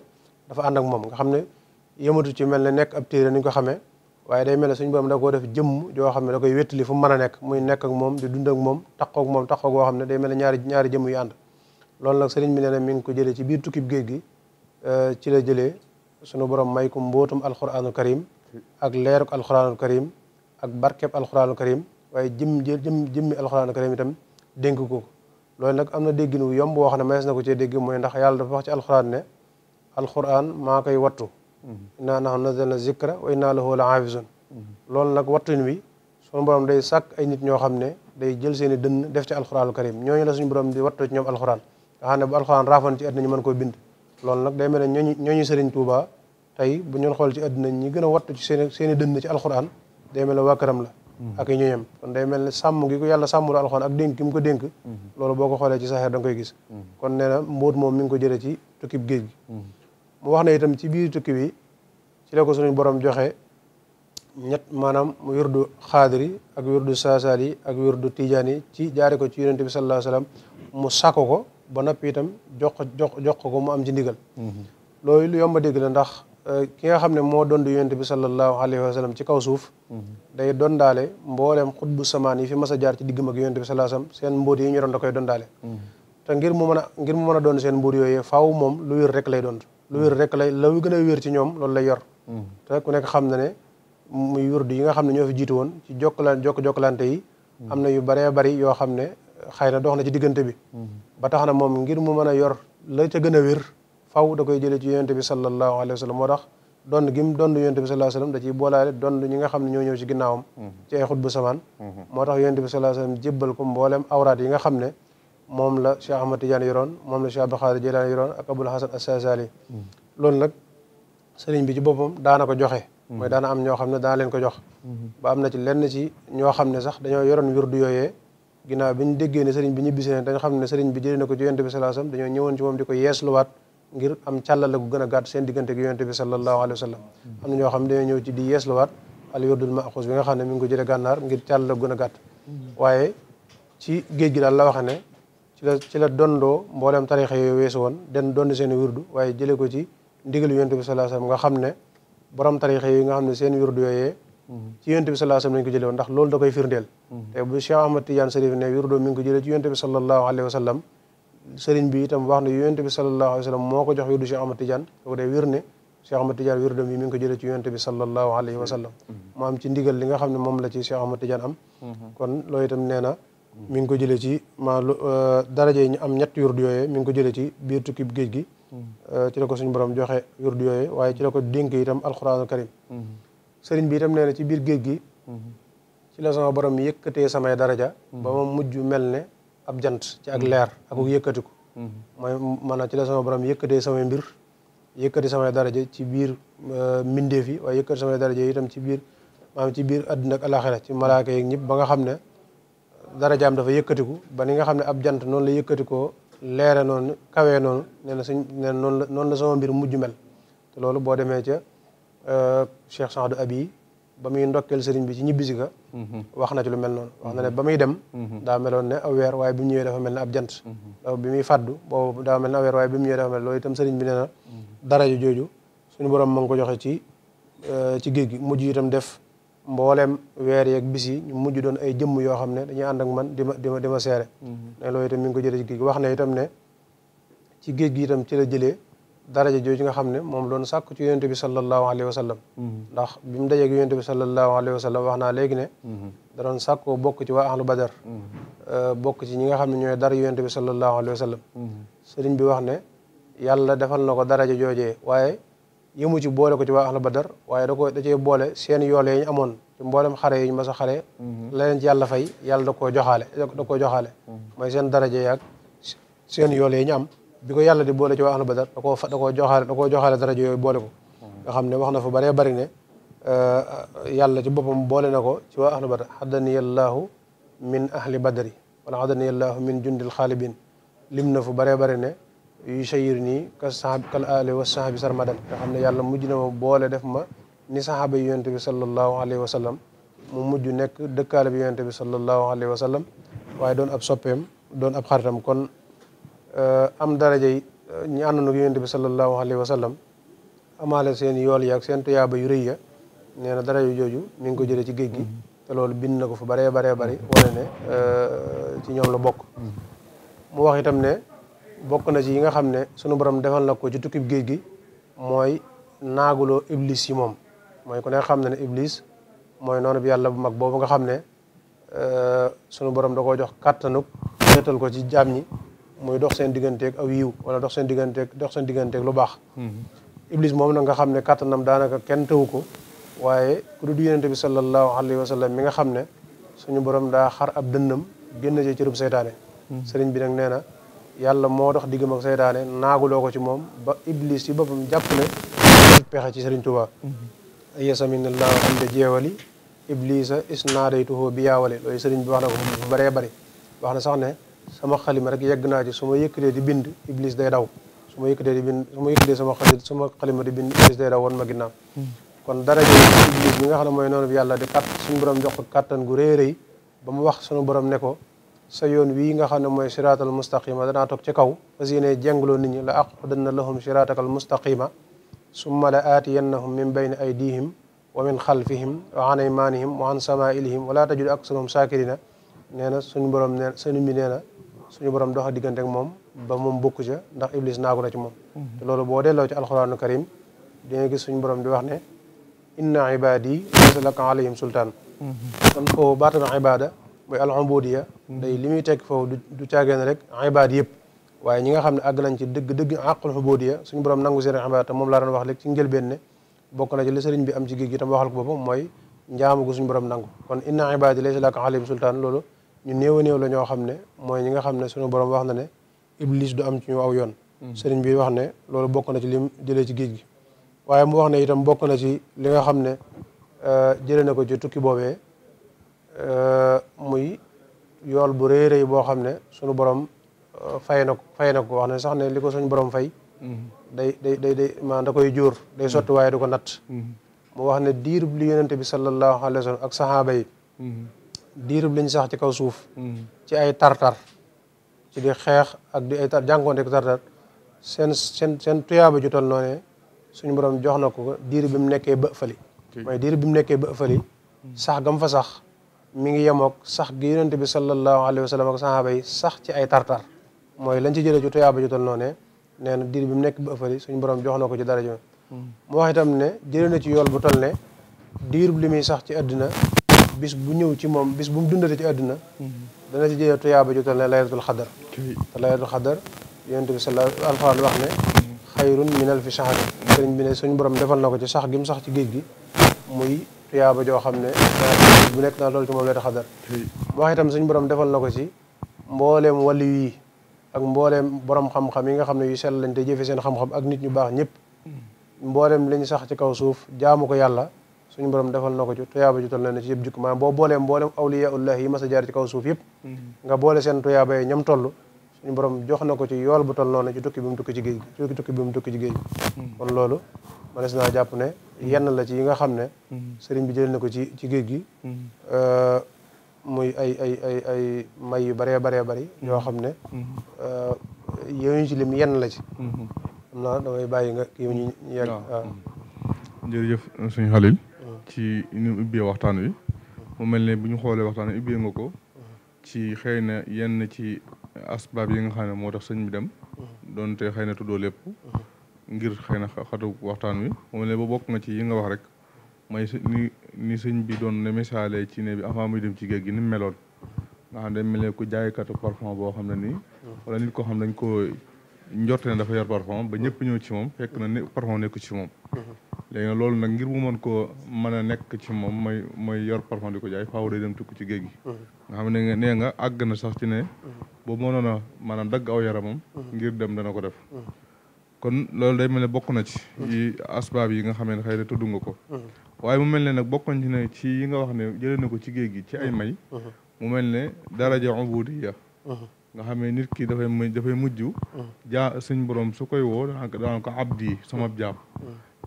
dafa ànd ak moom nga xam ne yëmatu ci mel ne nekk ab téere ni ñu ko xamee waaye day mel ne suñ borom da koo def jëmm joo xam ne da koy wéttali fu mën a nekk muy nekk ak moom di dund ak moom taqoog moom taqoog woo xam ne day mel ne ñaari ñaari jëmm yu ànd loolu nag sëriñ bi nee na mi ngi ko jëlee ci biir tukkib géej gi euh, ci la jëlee suñu borom may ko mbootum alquranul karim ak leeruk alquranul karim ak barkeb alquranul karim waaye jëm jëm jëm jëmmi alquranul karim tam dénk ko loolu nag am na déggin wu yomb woo xam ne mayees na ko cee dégg mooy ndax yàlla dafa ci alquran ne maa koy wattu innaa nahnu nazzalna zikra wa innaa lahu la haafizun loolu nag wattuñ wi suñu borom day sàkk ay nit ñoo xam ne day jël seen i dënn def ci alxuraanul karim ñooñu la suñu borom di wattu ci ñoom alxuraan nga xam ne bu alxuraan raafoon ci àddina ñu mën koo bind loolu nag day mel ne ñooñu ñooñu bu ñun xool ci àddina ñi gën a wattu ci seen seen i alxuraan day mel ne waa këram la ak i ñooñam kon day mel ne sàmm gi ko yàlla sàmmul alxuraan ak dénk ki mu ko dénk mhm. loolu boo ko xoolee ci saxeer da nga koy gis mhm. kon nee na mbóot moom mi ngi ko jëlee ci tukkib géej gi mhm. mu wax na itam ci biir tukki bi ci la ko suñu borom joxe ñett maanaam mu du xaadir ak wirdu saasaal yi ak wirdu tijaan yi ci jaare ko ci yonente bi sallallahu alayhi mu sakk ko ba noppi itam jox jox jox ko mu am ci ndigal mm-hmm. loolu lu yomba dégg la ndax euh, ki nga xam ne moo dond yonente bi sallallahu alayhi wasallam ci kaw suuf mm-hmm. day don daale mbooleem xutbu samaan yi fi mas a jaar ci diggam ak yonente bi sallallahu alayhi seen mbóot yi ñu doon da koy dondaale mm-hmm. te ngir mu mën a ngir mu mën a doon seen mbóot yooyee faaw moom lu wér rek lay lu wér rek lay la gën a wér ci ñoom loolu lay yor mm-hmm. te ku nekk xam na ne muy wurdu yi nga xam ne ñoo fi jiitu woon ci jokkalan jokk jokkalante yi mm-hmm. am na yu bare bari yoo xam ne xay na dox na ci diggante bi mm-hmm. ba tax na moom ngir mu mën a yor la ca gën a wér faw da koy jëlee ci yonente bi sallallahu alayhi wa sallam moo tax donn gi mu donn yonente bi sallallahu alayhi wa sallam da ciy boolaale donn ñi nga xam ne ñoo ñëw ci ginnaawam ci ay xutbu samaan moo tax yonente bi sallallahu alayhi wa jébbal ko mboolem awraat yi nga xam ne moom la Cheikh Ahmad Tidiane yoroon moom la Cheikh Abdou Khadir Jilani yoroon ak Abul Hasan As-Sazali mm. loolu nag sëriñ bi ci boppam daana ko joxe mm. mooy daana am ñoo xam ne daana leen ko jox mm-hmm. ba am na ci lenn ci ñoo xam ne sax dañoo yoroon wirdu yooyee ginnaaw bi ñu déggee ne sëriñ bi ñibbisi ne dañu xam ne sëriñ bi jëlee na ko ci yonent bi sallallahu alayhi dañoo ñëwoon ci moom di ko yeesluwaat ngir am càllala gu gën a gàtt seen diggante gi yonent bi sallallahu alayhi wasallam mm-hmm. am na ñoo xam ne dañoo ñëw ci di yeesluwaat al wirdul maxuus bi nga xam mi ngi ko jëlee gànnaar ngir càllala gu gën a gàtt mm-hmm. waaye ci géej gi daal la waxe ne ci la ci la dondoo mboolem tarixa yooyu weesu woon den dond seen wirdu waaye jële ko ci ndigal yonent bi sallallahu alayhi wasallam nga xam ne borom tarixa yooyu nga xam ne seen wirdu yooyee ci yonent bi sallallahu alayhi wasallam da koy firndeel te bu Cheikh Ahmad Tidiane Serif ne wirdu mi ngi moo ko jox wirdu Cheikh Ahmad Tidiane mi mi ngi ko jëlee ci yonent bi sallallahu alayhi mm-hmm. am ci ndigal li nga xam ne moom la ci Cheikh Ahmad Tidiane am mm-hmm. kon loolu itam nee na mi ngi ko jëlee ci maa lu euh, daraje yi ñu am ñett yurdu yooyee mi ngi ko jëlee ci biir tukkib géej gi euh, ci la ko suñu borom joxe yurdu yooyee waaye ci la ko dénk itam alxuraanul karim sëriñ bi itam nee na ci biir géej gi ci la sama borom yëkkatee samay daraja ba ma mujj mel ne ab jant ci ak leer ak yëkkatiku mooy maanaam ci la borom yëkkatee samay mbir yëkkati samay daraja ci biir euh, mbindeef yi waaye yëkkati samay daraja itam ci biir maanaam ci biir àdduna ak alaxira ci malaaka yeeg ñëpp ba nga xam ne darajaam dafa yëkkatiku ba ni nga xam ne ab jant noonu la yëkkatikoo leere noonu kawee noonu nee na suñ noonu la noonu la sama mbir mujj mel te loolu boo demee ca euh, Cheikh Saadou Abi ba muy ndokkeel sëriñ bi ci ñibbisi ga mhm. wax na ci lu mel noonu wax na ne mhm. ba muy dem mhm. daa meloon ne aw weer waaye bi mu ñëwee dafa mel ne ab jant bi muy fàddu boobu daa mel ne aw weer waaye bi mu ñëwee dafa mel loolu itam sëriñ bi nee na daraja jooju suñu borom ma ngi ko joxe ci euh, ci géej gi mujj itam def mboolem weer yeeg bis yi ñu mujj doon ay jëmm yoo xam ne dañuy ànd ak man di ma di ma di ma seere mhm. ne loolu itam mi ngi ko jëlee ci géej gi wax ne tam ne ci géej gi tam ci la jëlee daraja jooju nga xam ne moom loon sàkk ci yonente bi sallallahu alayhi wa sallam mhm. ndax bi mu dajeeg yonente bi sallallahu alayhi wa sallam wax naa léegi ne mhm. da doon sàkkoo bokk ci waa ahlu badar euh, bokk ci ñi nga xam ne ñooy dara yonente bi sallallahu alayhi wa sallam sëriñ bi wax ne yàlla defal na ko daraja joojee yëmu ci boole ko ci waa ahlu badar waaye da ko da cee boole seen yool yi ñu amoon ci mboolem xare yi ñu mas a xare mhm. leneen ci yàlla fay yàlla da koo joxaale da koo joxaale mhm. mooy seen daraje yaag seen yool yi ñu am bi ko yàlla di boole ci waa ahlu badar da koo da koo joxaale da koo joxaale daraje yooyu boole ko mhm. nga xam ne wax na fa bëree bëri ne euh, yàlla ci boppam boole na ko ci waa ahlu badar xadaniya llaahu min ahli badari wala xadaniya llaahu min jundil xaalibin lim na fu bëree bëri ne yu sayir nii ka saxaab kal aali wa saxaabi sarmadan nga xam ne yàlla mujj na ma boole def ma ni saxaaba yi yonente bi sallallahu alayhi wa sallam mu mujj nekk dëkkaale bi yonente bi sallallahu alayhi wa sallam waaye doon ab soppeem doon ab xaritam kon eh, am daraja yi eh, ñi na ak yonente bi sallallahu alayhi wa sallam amaale seen yool yi ak seen tuyaaba yu rëy ya nee na daraja jooju mi ngi ko jëlee ci géej gi te loolu bind na ko fu baree baree bari wane ne eh, ci ñoom la bokk mm-hmm. mu wax itam ne bokk na ci yi nga xam ne sunu borom defal na ko ci tukkib géej gi mooy naaguloo iblis yi moom mooy ku ne xam ne ne iblis mooy noonu yàlla bu mag boobu nga xam ne euh, sunu borom da koo jox kàttanuk wéetal ko ci jaam ñi muy dox seen digganteeg aw yiw wala dox seen digganteeg dox seen digganteeg lu baax mm-hmm. iblis moom na nga xam ne kàttanam daanaka kenn tëwu ko waaye ku du bi sallallahu alayhi wa sallam mi nga xam ne suñu borom daa xar ab dënnam génn ci cërub seytaane mm-hmm. sëriñ bi nag nee na yàlla moo dox diggam ak seytaane naaguloo ko ci moom ba iblis ci boppam jàpp ne pexe ci Sëriñ Tuubaa mm-hmm. yesaminallaahu hamda jeewali iblisa isnaadaytuhu bi yaawale loolu sëriñ bi wax na ko bu bëree bëri wax na sax ne sama xalima rek yegg naa ci su ma yëkkatee di bind iblis day daw su ma yëkkatee di bind su ma yëkkatee sama xali sama xalima di bind iblis day daw woon ma ginnaaw mm-hmm. kon daraje iblis bi nga xam ne mooy noonu bi yàlla di kat suñu borom jox ko kàttan gu réy réy ba mu wax suñu borom ne ko sa yoon wii nga xam ne mooy siraatal mustaqima danaa toog ci kaw fas yéene jengloo nit ñi la aqudanna lahum siraatakal mustaqima summa la aatiyannahum min bayni aydihim wa min xalfihim wa an aymanihim wa an samailihim wala tajudu aksarahum saakirina nee na suñu borom nee sëñ bi nee suñu borom dox diggante ak moom ba moom bokku ca ndax iblis naagu na ci moom mm-hmm. te loolu boo delloo ci alquranu karim dinga gis suñu borom di wax ne inna ibadi laysa laka alayhim sultaan mm-hmm. kon foofu baatal ibada mooy al ubudiya ndey li muy tekk foofu du caageen rek ibaad yëpp waaye ñi nga xam ne àgg nañ ci dëgg dëgg àqul xubudiya suñu borom nangu seen ibaad te moom laa doon wax léegi ci njëlbeen ne bokk na ci li sëriñ am ci géej gi tam waxal ko boppam mooy njaamu gu suñu borom nangu kon inna ibaadi laysa laka alayhim sultaan loolu ñu néew a néew la ñoo xam ne mooy ñi nga xam ne suñu borom wax na ne iblis du am ci ñu aw yoon hmm. sëriñ bi wax ne loolu bokk na ci li jëlee ci géej gi waaye mu wax ne itam bokk na ci li nga xam ne euh, jële na ko ci tukki boobee euh, muy yool bu rëy rëy boo xam ne suñu borom euh, fay na ko fay na ko wax ne sax ne li ko suñu borom fay day day day day maanaam da koy jóor day sotti waaye du ko natt mu wax ne diirub li yonente bi sallallahu alayhi wa sallam ak saxaaba yi diirub liñ sax ci kaw suuf ci ay tartar ci xeex ak di ay tar jànkoonte ko tartar seen seen seen tuyaaba suñu borom jox na ko diir bi mu nekkee ba fëli mooy diir bi mu nekkee ba fëli sax gam fa sax mi ngi yemook sax gi yonent bi sallallahu alayhi wa sallam ak sahaaba yi sax ci ay tartar mooy lañ ci jëlee ci tuyaaba ju tol noonu nee na diir bi mu nekk ba ëffali suñu borom jox na ko ci dara ji mu wax itam ne jëlee na ci yool bu tol ne diir bi li muy sax ci àdduna bis bu ñëw ci moom bis bu mu dundate ci àdduna dana ci jëlee tuyaaba ju tol ne laylatul xadar te laylatul xadar yonent bi sala alxuraan wax ne xayrun min alfi shahri sëriñ bi ne suñu borom defal na ko ci sax gi sax ci géej gi tuyaaba joo xam ne bu nekk dana toll ci moom la tax a dara wax itam suñ borom defal na ko ci mbooleem walli yi ak mbooleem borom xam-xam yi nga xam ne yu sell lañ te jëfe seen xam-xam ak nit ñu baax ñëpp mbooleem li ñu sax ci kaw suuf jaamu ko yàlla suñu borom defal na ko ci tuyaaba ju toll na ne ci yëpp jukk maanaam boo boolee mbooleem awliyaullahi yi ma a jaar ci kaw suuf yëpp nga boole seen tuyaaba yi ñam toll suñu borom jox na ko ci yool bu toll noonu ci tukki bi mu tukki ci géej gi ci tukki bi mu tukki hmm. naa jàpp ne yenn la ci yi nga xam ne hmm. sëriñ bi jëlee na ko ci ci géej gi hmm. euh, muy ay ay ay ay may yu bëree bëree bëri yoo xam ne euh, yooyu ci lim yenn la ci xam nga kii ñu yegg waaw ah. jërëjëf euh, suñu xalil ci ni mu waxtaan wi mu mel ne bu ñu xoolee waxtaan wi ubbee nga ko ci xëy yenn ci asbaab yi nga xam ne moo tax sëñ bi dem doonte xay na tuddoo lépp ngir xëy na xatu waxtaan wi moom la ba bokk nga ci yi nga wax rek mooy ni ni sëñ bi doon ne misaale ci ne bi avant muy dem ci géej gi ni meloon nga xam ne mel boo xam ne nii wala koo xam dañ ko njorte ne dafa yor parfum ñëpp ñëw ci moom fekk na ne parfum nekk ci moom léegi nag loolu nag ngir mu mën koo mën a nekk ci moom mooy mooy yor parfum di ko jaay faaw day dem tukki ci géej gi nga xam ne nee nga àgg na sax ci ne boobu mënoon a maanaam dagg aw yaramam. Mhm. ngir dem dana ko def. Mhm. kon loolu day mel ne bokk na ci. Mhm. yi asbaab yi nga xam ne xëy na tudd ko. waaye mu mel ne nag bokk na ci ne ci yi nga wax ne jëlee na ko ci géej gi ci ay may. mu mel ne daraja ubudiya nga xam ne nit ki dafay dafay mujj. jaa suñ borom su koy woo daanaka daanaka abdi sama jaam.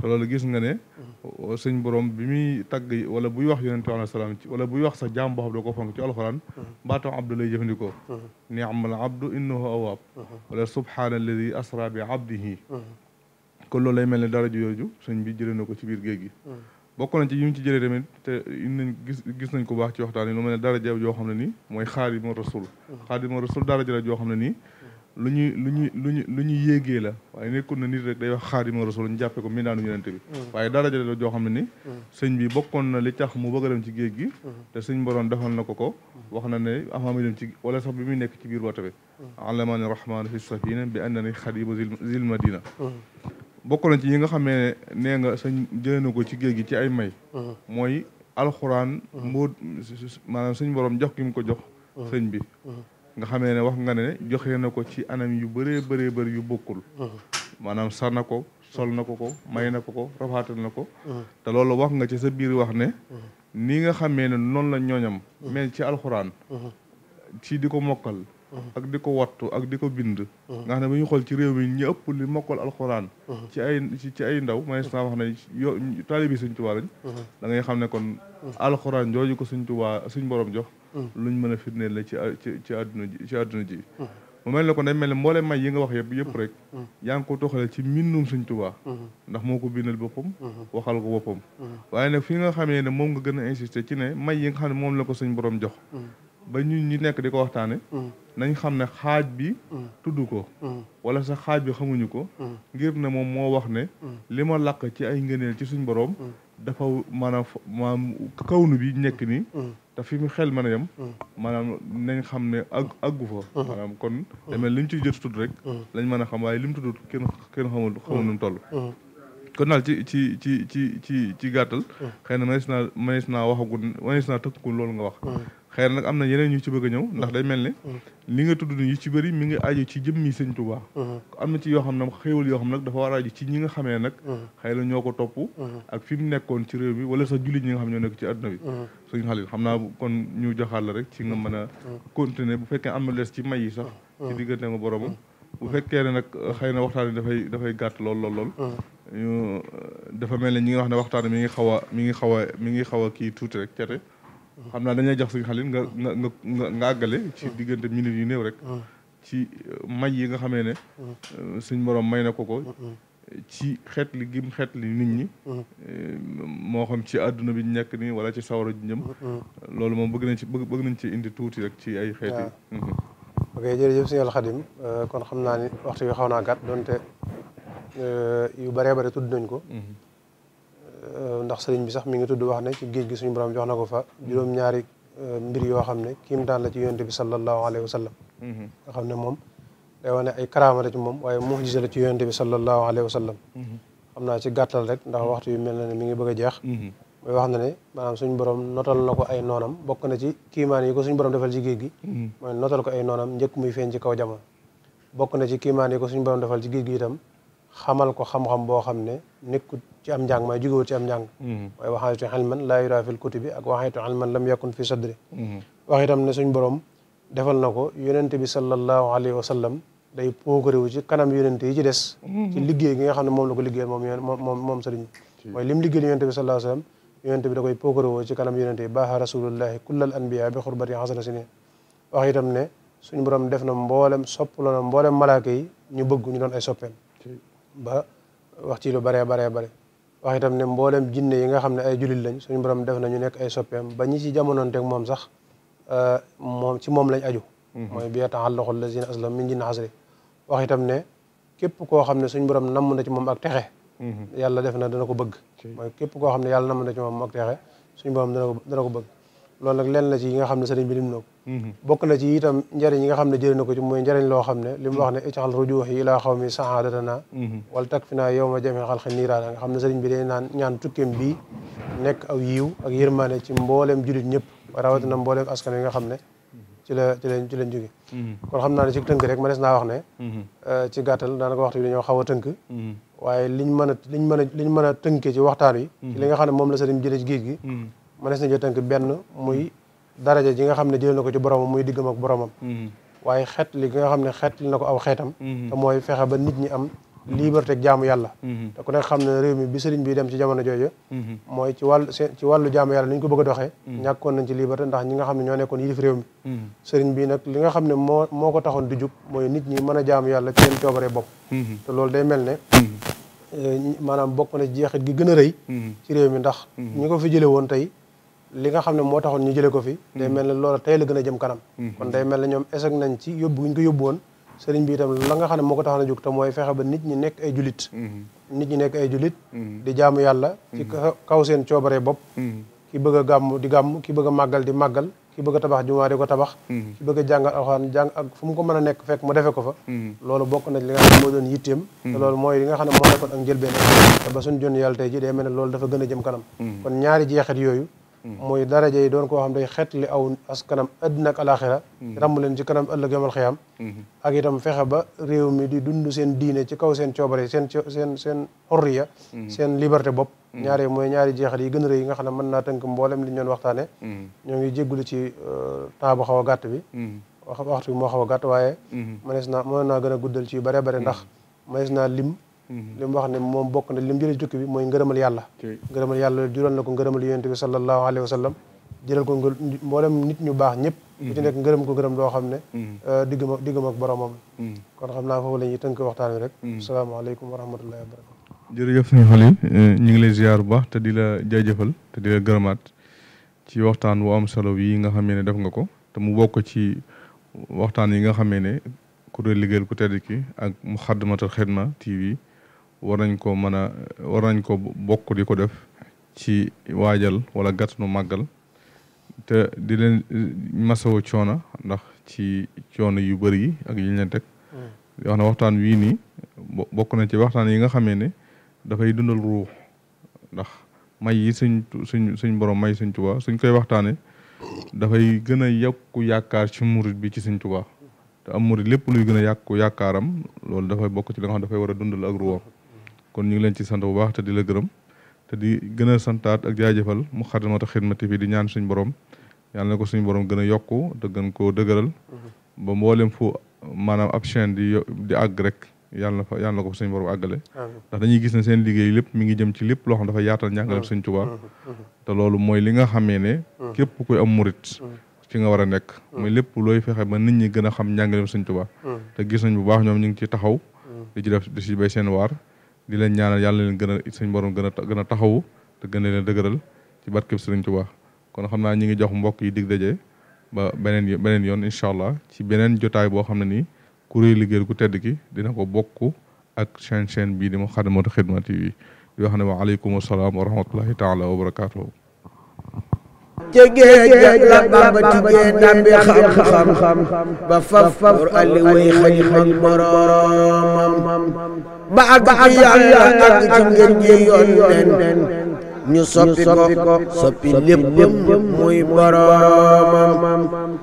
te loolu gis nga ne mm. suñ borom bi muy tagg wala buy wax yonente alayhi salaam wala buy wax sax jaam boo xam da ko fonk ci alxuraan mm. baatam abdu lay jëfandikoo mm. ni'mal abdu innahu awaab wala subhaana alladi asra bi abdihi kon loolu lay mel ne dara ju yooju sëñ bi jëlee na ko ci biir géej gi bokk nañ ci yi mu ci jëlee tamit te nañ gis gis nañ ko baax ci waxtaan yi lu mel ne daraja joo xam ne nii mooy xaadimu rasul xaadimu rasul daraja la joo xam ne nii lu ñuy lu ñuy lu ñu lu ñuy yéegee la waaye nekkul na nit rek day wax xaadimu rasul ñu jàppee ko mi ñu yonente bi mm. waaye dara jële la xam ne ni mm. sëñ bi bokkoon na li tax mu bëgg a dem ci géej gi mm. te sëñ boroom defal na ko ko wax na ne avant muy dem ci wala sax bi muy nekk ci biir woote bi alamani rahmani fi safina bi ànd na xadimu zil madina bokk na ci yi nga xamee ne nee nga sëñ jëlee ko ci géej gi ci ay may mooy alxuraan mbóot maanaam sëñ boroom jox ki mu ko jox sëñ bi nga xamee ne wax nga ne joxe na ko ci anam yu bëree bëree bëri yu bokkul uh-huh. maanaam sar na ko sol na ko ko may na ko ko rafaatal na ko uh-huh. te loolu wax nga ci sa biir wax ne uh-huh. ni nga xamee ne noonu la ñooñam mel ci alxuraan ci di ko mokkal ak di ko wattu ak di ko bind nga xam ne bu ñu xool ci réew mi ñu ëpp li mokkal alxuraan ci ay ci ay ndaw manes naa wax ne yo taalibi suñ tubaa lañ da xam ne kon alxuraan jooju ko suñ tubaa suñ borom jox luñ mën a firndeel la ci ci ci àdduna ji ci àdduna ji mm-hmm. mu mel ne kon day mel ne mboolee may yi nga wax yëpp yëpp mm-hmm. rek mm-hmm. yaa ngi ko toxale ci mbindum suñ Tuubaa ndax moo ko biinal boppam waxal ko boppam waaye nag fi nga xamee ne moom nga gën a insister ci ne may yi nga xam ne moom la ko suñ borom jox ba ñu ñi nekk di ko waxtaane nañ xam ne xaaj bi tudd ko wala sa xaaj bi xamuñu ko ngir ne moom moo wax ne li ma làq ci ay ngëneel ci suñ boroom dafa maanaam maanaam kawnu bi nekk nii te fi mu xel mën a yem hmm. maanaam nañ xam ne ag aggu fa hmm. maanaam kon hmm. demee liñ ci jot tudd rek lañ mën a xam waaye lim tuddut kenn kenn xamul xamul nu mu toll kon daal ci ci ci ci ci ci gàttal xëy na mënees naa mënees naa waxagul mënees naa tëkkul loolu nga wax xëy nag am na yeneen ñu ci bëgg a ñëw ndax day mel ne mm-hmm. li nga tudd yu ci bëri mi ngi aju ci jëmmi sëñ Tuubaa mm-hmm. am na ci yoo xam ne yoo xam nag dafa war ci ñi xamee nag mm-hmm. xëy na ñoo ko topp ak fi mu nekkoon ci réew mi wala sax jullit ñi nga xam ñoo nekk ci àdduna bi sëñ Xalil xam naa kon ñu joxaat la rek ci nga mën a continuer bu fekkee am na des ci may yi sax ci nga boromam bu fekkee ne nag uh, xëy na waxtaan wi dafay dafay gàtt lool lool lool uh, dafa mel ne ñi nga wax ne waxtaan mi ngi xaw a mi ngi xaw a mi ngi xaw a kii tuuti rek cate xam naa dañuy jox suñu xalin nga nga nga nga àggale ci diggante minutes yu néew rek ci euh, may yi nga xamee ne euh, suñ morom may na ko ko ci xeet gim xeet li nit ñi euh, moo xam ci àdduna bi ñu nekk nii wala ci sawara ji njëm loolu moom bëgg nañ ci bëgg nañ ci indi tuuti rek ci ay xeet yi ok jërëjëf sëñ kon xam naa ni waxtu bi xaw naa gàtt donte yu bëree bëri tudd nañ ko mhm. Euh, ndax sëriñ bi sax mi ngi tudd wax ne ci géej gi suñu borom jox na ko fa juróom-ñaari euh, mbir yoo xam ne kiimtaan la ci yonent bi sallallahu alayhi wa sallam mm-hmm. nga xam ne moom day wane ay karaama la ci moom waaye mu'jiza la ci yonent bi sallallahu alayhi wa sallam mm-hmm. xam naa ci gàttal rek ndax waxtu yu mel na ne mi ngi bëgg a jeex mooy mm-hmm. wax na ne maanaam suñu borom notal na ko ay noonam bokk na ci kiimaan yi ko suñu borom defal ci géej gi mooy notal ko ay noonam njëkk muy feeñ ci kaw jamono bokk na ci kiimaan yi ko suñu borom defal ci géej gi itam xamal ko xam-xam boo xam ne nekkut Mm-hmm. ci am njàng maay jugewul ci am njàng waaye waxaytu xelman laa yuraa fil kutubi ak waxaytu xelman lam yakun fi sadri mm-hmm. wax itam ne suñ borom defal na ko yonente bi sallallahu alayhi wa sallam day pookarewu ci kanam yonente yi ci des mm-hmm. ci liggéey da koy pookarewoo ci kanam yonente yi baaxa rasulullahi kullal anbiya bi xurbati xasana si ne wax itam ne suñ borom def na mboolem sopp la na mboolem malaaka yi ñu bëgg ñu doon ay soppeem wax itam ne mbooleem jinne yi nga xam ne ay jullit lañ suñu borom def nañu nekk ay soppeem ba ñi ci jamonoonteeg moom sax euh, moom ci moom lañ aju mhm. mooy bi yata'allaqu allazina aslam min jinni xasri wax itam ne képp koo xam ne suñ borom namm na ci moom ak texe mhm. yàlla def na dana ko bëgg mooy képp koo xam ne yàlla namm na ci moom ak texe suñu borom dana ko dana ko bëgg loolu nag lenn la ci yi nga xam ne sëriñ bi lim na ko mhm. bokk na ci itam njëriñ yi nga xam ne jëlee loo xam ne li mu wax ne icaxal rujuuxi ilaa xaw mi saadatana mhm. wala tak fi naa yow ma jamee xalxi niiraana nga xam ne sëriñ bi day naan ñaan tukkeem bii nekk aw yiiw ak ci mbooleem julit ñëpp yi nga xam ne ci la ci lañ ci lañ jóge mhm. naa ne tënk rek ma des naa wax ne euh, ci gàttal daanaka waxtu bi dañoo xaw a tënk waaye liñ mën a liñ mën a liñ mën a tënkee ci waxtaan wi ci li nga xam ne moom la sëriñ bi jëlee ci géej gi mënees na tënk benn muy daraja ji nga xam ne jël na ko ci boromam muy diggam ak boromam mm-hmm. waaye xeet li nga xam ne xeet li na ko aw xeetam mm-hmm. te mooy fexe ba nit ñi am liberté ak jaamu yàlla mm-hmm. te ko nekk xam ne réew mi bi sëriñ bi dem ci jamono jooju mooy ci wàllu ci wàllu jaamu yàlla ko bëgg doxee ñàkkoon nañ ci liberté ndax ñi nga xam ne ñoo nekkoon yilif réew mi sëriñ bi nag li nga xam ne moo moo ko taxoon di jug mooy nit ñi mën a jaamu yàlla ci seen coobaree bopp te loolu day mel ne eh, maanaam bokk na jeexit gi gën a rëy ci réew mi ndax ñi ko fi jële woon tey li nga xam ne moo taxoon ñu jëlee ko fi. day hmm. mel ne loola tey la gën a jëm kanam. Hmm. kon day mel ne ñoom échec nañ ci yóbbu ñu ko yóbbu woon sëriñ bi itam la nga xam ne moo ko taxoon a jóg te mooy fexe ba nit ñi nekk ay julit. Hmm. nit ñi nekk ay julit. di jaamu yàlla. ci kaw seen coobaree bopp. ki bëgg a di gàmm ki bëgg màggal di màggal. ki bëgg a tabax ko tabax. bëgg a jàngal alxuraan jàng fu mu ko mën a nekk fekk mu defee ko fa. loolu bokk na li nga doon yitteem. loolu mooy li nga xam ne moo nekkoon ak njëlbeen te ba suñu jon yàlla tey ji day mel ne loolu dafa gën a jëm kanam. kon ñaari jeexit yooyu muy daraja yi doon koo xam day xeetli aw askanam àddina ak alaxira mm-hmm. ràmm leen ci kanam ëllëg yomal xiyaam mm-hmm. ak itam fexe ba réew mi di dund seen diine ci kaw seen coobare seen seen seen xorriya mm-hmm. seen liberté bopp ñaare mooy ñaari jeexal yi gën a rëy yi nga xam ne mën naa tënk mbooleem li ñu doon waxtaane ñoo ngi jéggulu ci euh, temps bu xaw gàtt bi wax waxtu moo xaw gàtt waaye mënees naa mën naa gën a guddal ci bare bare ndax mënees naa lim li mu wax ne moom bokk na li mu jëlee jukki bi mooy ngërëmal yàlla ngërëmal yàlla jural na ko ngërëmal yonent bi sallallahu alayhi wa sallam jëral ko mboolem nit ñu baax ñëpp mhm. ku ci nekk ngërëm ko ngërëm doo xam ne diggam ak diggam ak boromam mhm. kon xam naa foofu la ñuy tënk waxtaan wi rek mhm. asalaamaaleykum wa rahmatullahi wa barakatu jërëjëf sëñ Xalil euh, ñu ngi lay ziar bu baax te di la jaajëfal te di la gërëmaat ci waxtaan wu am solo yi nga xamee ne def nga ko te mu bokk ci waxtaan yi nga xamee ne ku kuréel liggéeyal ku tedd ki ak mu xadd Muxaddamatul Xidma TV war nañ ko mën a war nañ ko bokk di ko def ci waajal wala gàttanu màggal te di leen masawu coono ndax ci coono yu bari yi ak yi ñu leen teg yoo mm. waxtaan wii nii bokk na ci waxtaan yi nga xamee ne dafay dundal ruux ndax may yi suñ suñ suñ borom may suñ Tuubaa suñ koy waxtaane dafay gën a yokku yaakaar ci murit bi ci suñ Tuubaa te am murit lépp luy gën a yàkku yaakaaram loolu dafay bokk ci li dafay war a dundal ak ruuxam kon ñu ngi leen ci sant bu baax te di la gërëm te di gën a santaat ak jaajëfal Moukhaddamatoul Khidma TV di ñaan suñu borom yàlla na ko suñ boroom gën a yokku te gën koo dëgëral mhm. ba mboolem fu maanaam ab chaîne di di àgg rek yàlla ko fa yàlla na ko suñu borom àggale ndax dañuy gis ne seen liggéey lépp mu ngi jëm ci lépp loo dafa yaatal njàngale Sëñ Tuubaa mhm. Mhm. te loolu mooy li nga xamee ne képp kuy am murit ci nga war a nekk mooy lépp looy fexe ba nit ñi gën a xam njàngaleem suñ Tuubaa te gis nañ bu baax ñoom ñu ngi ci taxaw di ci def di seen waar di leen ñaanal yàlla leen gën a suñ borom gën gën a taxawu te gën a leen dëgëral ci barkeb Sëriñ Tuubaa kon xam naa ñi ngi jox mbokk yi dig daje ba beneen beneen yoon incha allah ci beneen jotaay boo xam ne nii kuréel liggéey gu tedd gi dina ko bokk ak chaîne chaîne bii di Moukhaddamatoul Khidma TV di wax ne wa aleykum asalaam wa rahmatullahi taala wa barakaatuhu ci géej ba faf pour ali way xalima ak boroomam ba ak ci yàlla ak ci ngeen ji yoon nen ñu soppi ko soppi muy boroomam